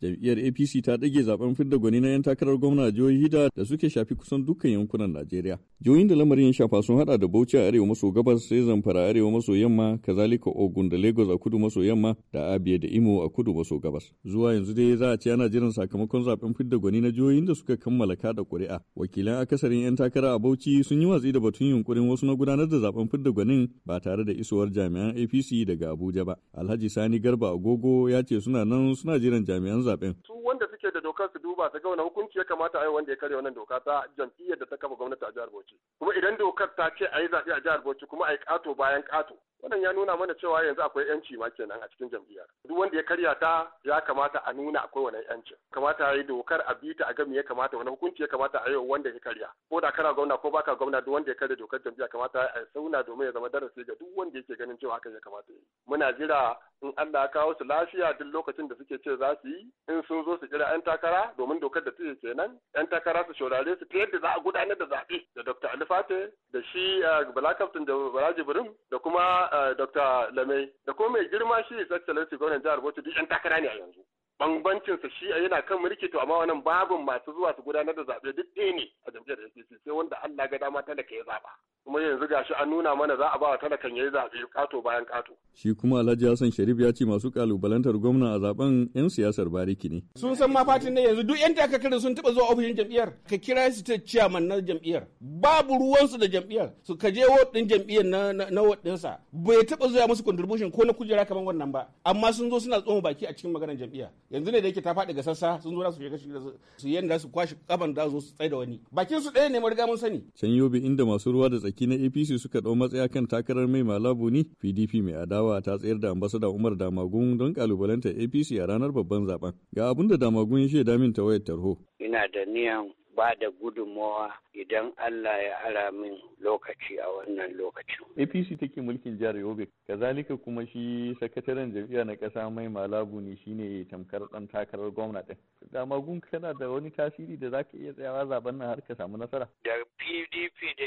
jam'iyyar apc ta ɗage zaben fidda gwani na 'yan takarar gwamna jihohi da da suke shafi kusan dukkan yankunan najeriya Jihohin da lamarin ya shafa sun hada da Bauchi a arewa maso gabas sai Zamfara arewa maso yamma, kazalika Ogun da Lagos a kudu maso yamma da Abia da Imo a kudu maso gabas. Zuwa yanzu dai za a ce ana jiran sakamakon zaben fidda gwani na jihohin da suka kammala kada kuri'a Wakilan akasarin 'yan takara a Bauchi sun yi watsi da batun yunkurin wasu na gudanar da zaben fidda gwanin ba tare da isowar jami'an APC daga Abuja ba. Alhaji Sani Garba Agogo ya ce suna nan suna jiran jami'an zaben. Su wanda dokar su duba su ga wani hukunci ya kamata a yi wanda ya karya wannan doka ta jam'iyyar da ta kafa gwamnati a jihar Bauchi kuma idan dokar ta ce a yi zaɓe a jihar Bauchi kuma a yi ƙato bayan ƙato wannan ya nuna mana cewa yanzu akwai yanci ma kenan a cikin jam'iyyar duk wanda ya karya ta ya kamata a nuna akwai wani yanci kamata a yi dokar a bita a gami ya kamata wani hukunci ya kamata a yi wanda ya karya ko da kana gwamna ko baka gwamna duk wanda ya karya dokar jam'iyyar kamata a sauna domin ya zama darasi ga duk wanda yake ganin cewa hakan ya kamata yi muna jira in Allah ya kawo su lafiya duk lokacin da suke ce za su yi in sun zo su kira 'yan takara domin dokar da take kenan 'yan takara su shaurare su ta yadda za a gudanar da zaɓe da Dr. Ali Fate da shi eh, Bala Captain da Balaji da kuma eh, Dr. Lamai da kuma mai girma shi Excellency Gwamnan Jihar Bauchi duk 'yan takara ne a yanzu. sa shi yana kan mulki to amma wannan babin masu zuwa su gudanar da zaɓe duk ɗaya ne a jam'iyyar APC sai wanda Allah ga dama talaka ya zaɓa kuma yanzu gashi an nuna mana za a ba wa talakan yayi zaɓe kato bayan kato shi kuma Alhaji Hassan Sharif ya ce masu kalubalantar gwamna a zaben yan siyasar bariki ne sun san ma fatin ne yanzu duk yan takakar sun taɓa zuwa ofishin jam'iyyar ka kira su ta ciyaman na jam'iyyar babu ruwansu da jam'iyyar su ka je wot din jam'iyyar na na sa bai taɓa zuwa musu contribution ko na kujera kamar wannan ba amma sun zo suna tsoma baki a cikin maganar jam'iyyar yanzu ne da yake ta faɗi ga sassa sun zo su shiga su yanda su kwashi kaban da zo su tsaye da wani bakin su ɗaya ne mun riga mun sani can yobe inda masu ruwa da tsaki na APC suka dau matsaya kan takarar mai malabu ne PDP mai adawa ta tsayar da ambasada Umar Damagun don kalubalantar APC a ranar babban zaben ga abin da Damagun ya shaida min ta wayar tarho ina da niyan ba da gudunmawa idan Allah ya ara min lokaci a wannan lokacin. APC take mulkin jihar Yobe, kazalika kuma shi sakataren jam'iyya na ƙasa mai malabu ne shine tamkar ɗan takarar gwamna ɗin. Da magun kana da wani tasiri da za ka iya tsayawa zaben nan har ka samu nasara. Da PDP da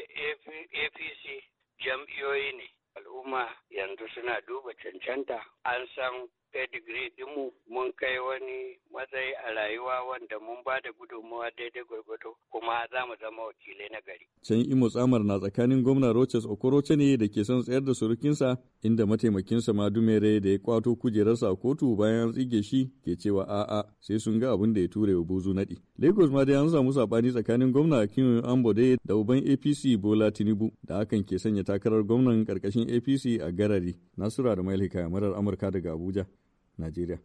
APC jam'iyoyi ne. Al'umma yanzu suna duba cancanta an san pedigree dinmu mun kai wani matsayi a rayuwa wanda mun ba da gudunmawa daidai gwargwado kuma za mu zama wakilai na gari. Can Imo Tsamar na tsakanin gwamna Roches Okoroche ne da ke son tsayar da surukinsa inda mataimakinsa Madumere da ya kwato kujerarsa a kotu bayan tsige shi ke cewa a'a sai sun ga abin da ya ture wa buzu naɗi. Lagos ma dai an samu sabani tsakanin gwamna Akinwun Ambode da uban APC Bola Tinubu da hakan ke sanya takarar gwamnan karkashin APC a garari. Nasura da Mailika marar Amurka daga Abuja. Nadire.